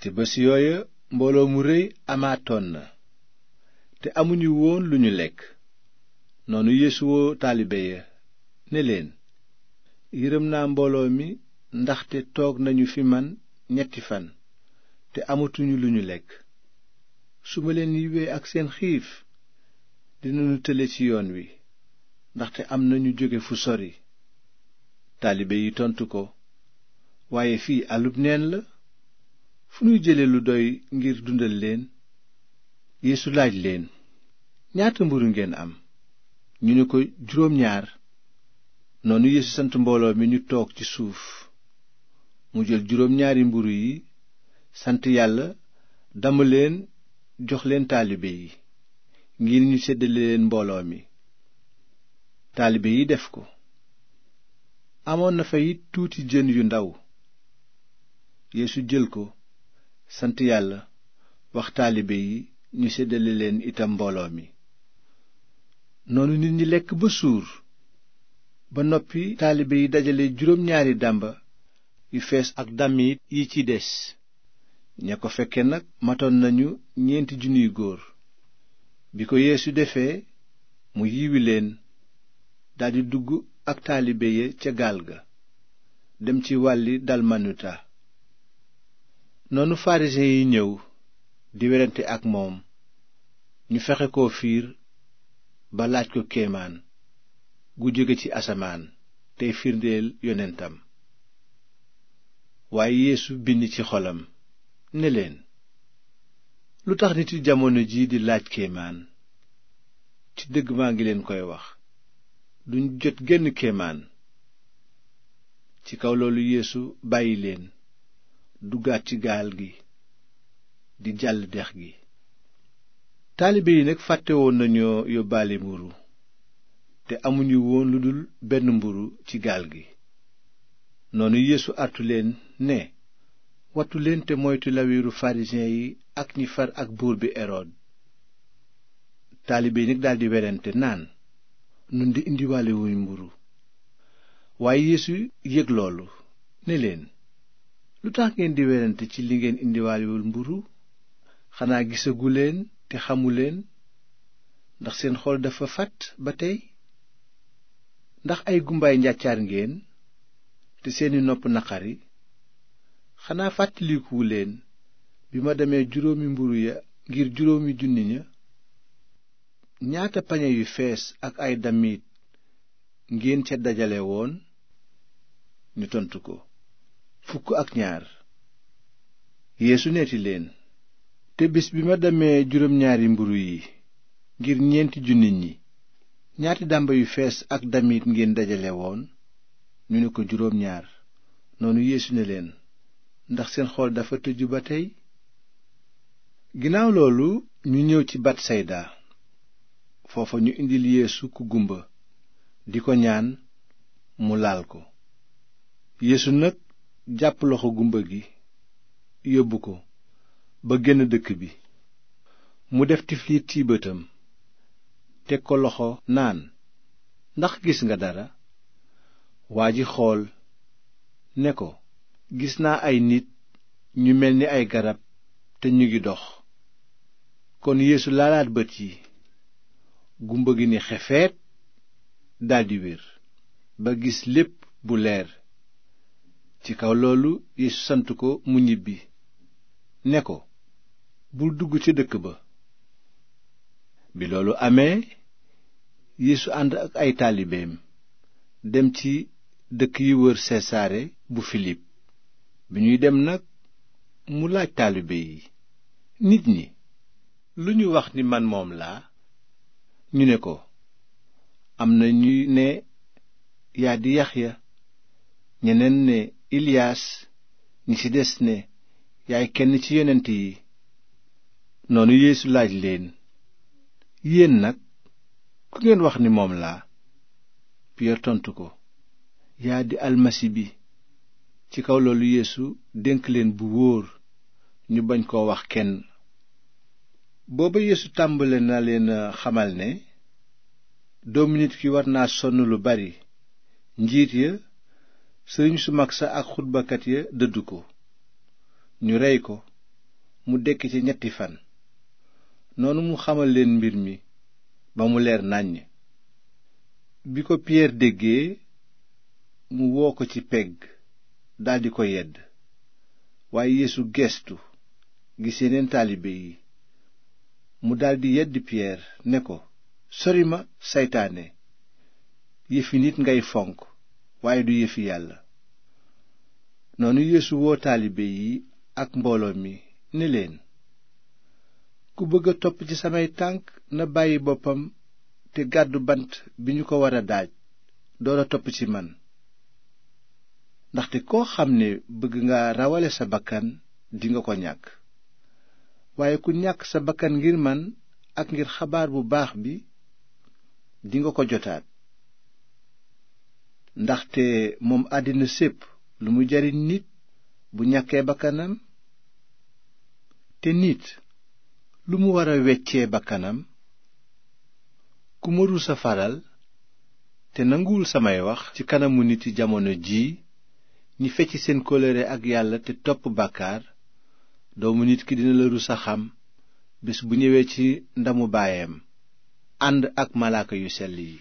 ci bés yooya mbooloo mu rëy amaatoon na te amuñu woon lu ñu lekk noonu Yeesu woo taalibe ya ne leen yërëm naa mbooloo mi ndaxte toog nañu fi man ñetti fan te amatuñu lu ñu lekk su ma leen yiwee ak seen xiif dinañu tële ci yoon wi ndaxte am nañu jóge fu sori taalibe yi tontu ko waaye fii alub neen la fu nuy jële lu doy ngir dundal leen yéesu laaj leen ñaata mburu ngeen am ñu ni ko juróom ñaar noonu yéesu sant mbooloo mi ñu toog ci suuf mu jël juróom ñaari mburu yi sant yàlla damm leen jox leen taalibe yi ngir ñu séddale leen mbooloo mi taalibe yi def ko amoon na fa it tuuti jën yu ndaw yéesu jël ko sant yàlla wax taalibe yi ñu séddale leen itam mbooloo mi noonu nit ñi lekk ba suur ba noppi taalibe yi dajale juróom ñaari dàmba yu fees ak dàmmit yi ci des ña ko fekke nag matoon nañu ñeenti junniy góor bi ko yéesu defee mu yiwi leen daldi dugg ak taalibe ya ca gaal ga dem ci wàlli dalmanuta noonu farisiyen yi ñëw di werante ak moom ñu fexe ko fiir ba laaj ko kéemaan gu jóge ci asamaan tey firndeel yonentam waaye yeesu bind ci xolam ne leen lu tax nit jamono ji di laaj kemaan ci dëgg maa ngi leen koy wax duñ jot genn kemaan ci kaw loolu yeesu bàyyi leen duggaat ci gaal gi di jàll dex gi taalibe yi nag fàttewoon woon nañoo yóbbaale mburu te amuñu woon lu dul benn mburu ci gaal gi noonu yeesu artu leen ne wattu leen te moytu lawiru farisiyen yi ak ñi far ak buur bi erod taalibe yi nag daldi werante naan nun di indiwaale wuñ mburu waaye yeesu yëg loolu ne leen lu tax ngeen di werante ci li ngeen indiwaalewul mburu xanaa gisaguleen te xamuleen ndax seen xool dafa fat ba tey ndax ay gumbaay njàccaar ngeen te seeni noppu naqari xanaa fàttalikuwu leen bi ma demee juróomi mburu ya ngir juróomi junni ña ñaata pañe yu fees ak ay damit ngeen ca dajale woon ñu tontu ko fukk ak ñaar yeesu neeti leen te bi ma demee juróom ñaari mburu yi ngir ñeenti junni ñi ñaati dàmba yu fees ak damit ngeen dajale woon ñu ne ko juróom ñaar noonu yeesu ne leen ndax seen xool dafa tëju ba tey ginnaaw loolu ñu ñëw ci batsayda foofa ñu indil yeesu ku gumba di ko ñaan mu laal ko yeesu jàpp loxo gumba gi yóbbu ko ba génn dëkk bi mu def tiflit ci bëtam teg ko loxo naan ndax gis nga dara waa ji xool ne ko gis naa ay nit ñu mel ni ay garab te ñu ngi dox kon yeesu laalaat bët yi gumba gi ni xefeet daldi wér ba gis lépp bu leer ci kaw loolu Yeesu sant ko mu ñibbi ne ko bul dugg ca dëkk ba bi loolu amee Yeesu ànd ak ay taalibeem dem ci dëkk yi wër sesaare bu Filip bi ñuy dem nag mu laaj taalibe yi nit ñi lu ñu wax ni man moom laa ñu ne ko am na ñu ne yaa di Yaxya ñeneen ne iliyaas ñi ci des ne yaay kenn ci yonent yi noonu yéesu laaj leen yéen nag ku ngeen wax ni moom laa piyeer tontu ko yaa di almasi bi ci kaw loolu yeesu dénk leen bu wóor ñu bañ koo wax kenn booba yéesu tàmbale na leen xamal ne doomu nit ki war naa sonn lu bari njiit ya sëriñ su mag sa ak xutbakat ya dëdd ko ñu rey ko mu dekki ci ñetti fan noonu mu xamal leen mbir mi ba mu leer nàññ bi ko piyeer déggee mu woo ko ci pegg daldi ko yedd waaye yeesu geestu gis yeneen taalibe yi mu daldi yedd piyeer ne ko sori ma saytaane yëfi nit ngay fonk waaye du yàlla noonu yeesu woo taalibe yi ak mbooloo mi ne leen ku bëgg a topp ci samay tànk na bàyyi boppam te gàddu bant bi ñu ko war a daaj door topp ci man ndaxte koo xam ne bëgg nga rawale sa bakkan dinga ko ñàkk waaye ku ñàkk sa bakkan ngir man ak ngir xabaar bu baax bi dinga ko jotaat ndaxte moom àddina sépp lu mu jariñ nit bu ñàkkee bakkanam te nit lu mu war a weccee bakkanam ku ma rus a faral te nanguwul samay wax ci kanamu nit ci jamono jii ñi fecc seen kóllëre ak yàlla te topp bàkkaar doomu nit ki dina la rus a xam bés bu ñëwee ci ndamu baayam ànd ak malaaka yu sell yi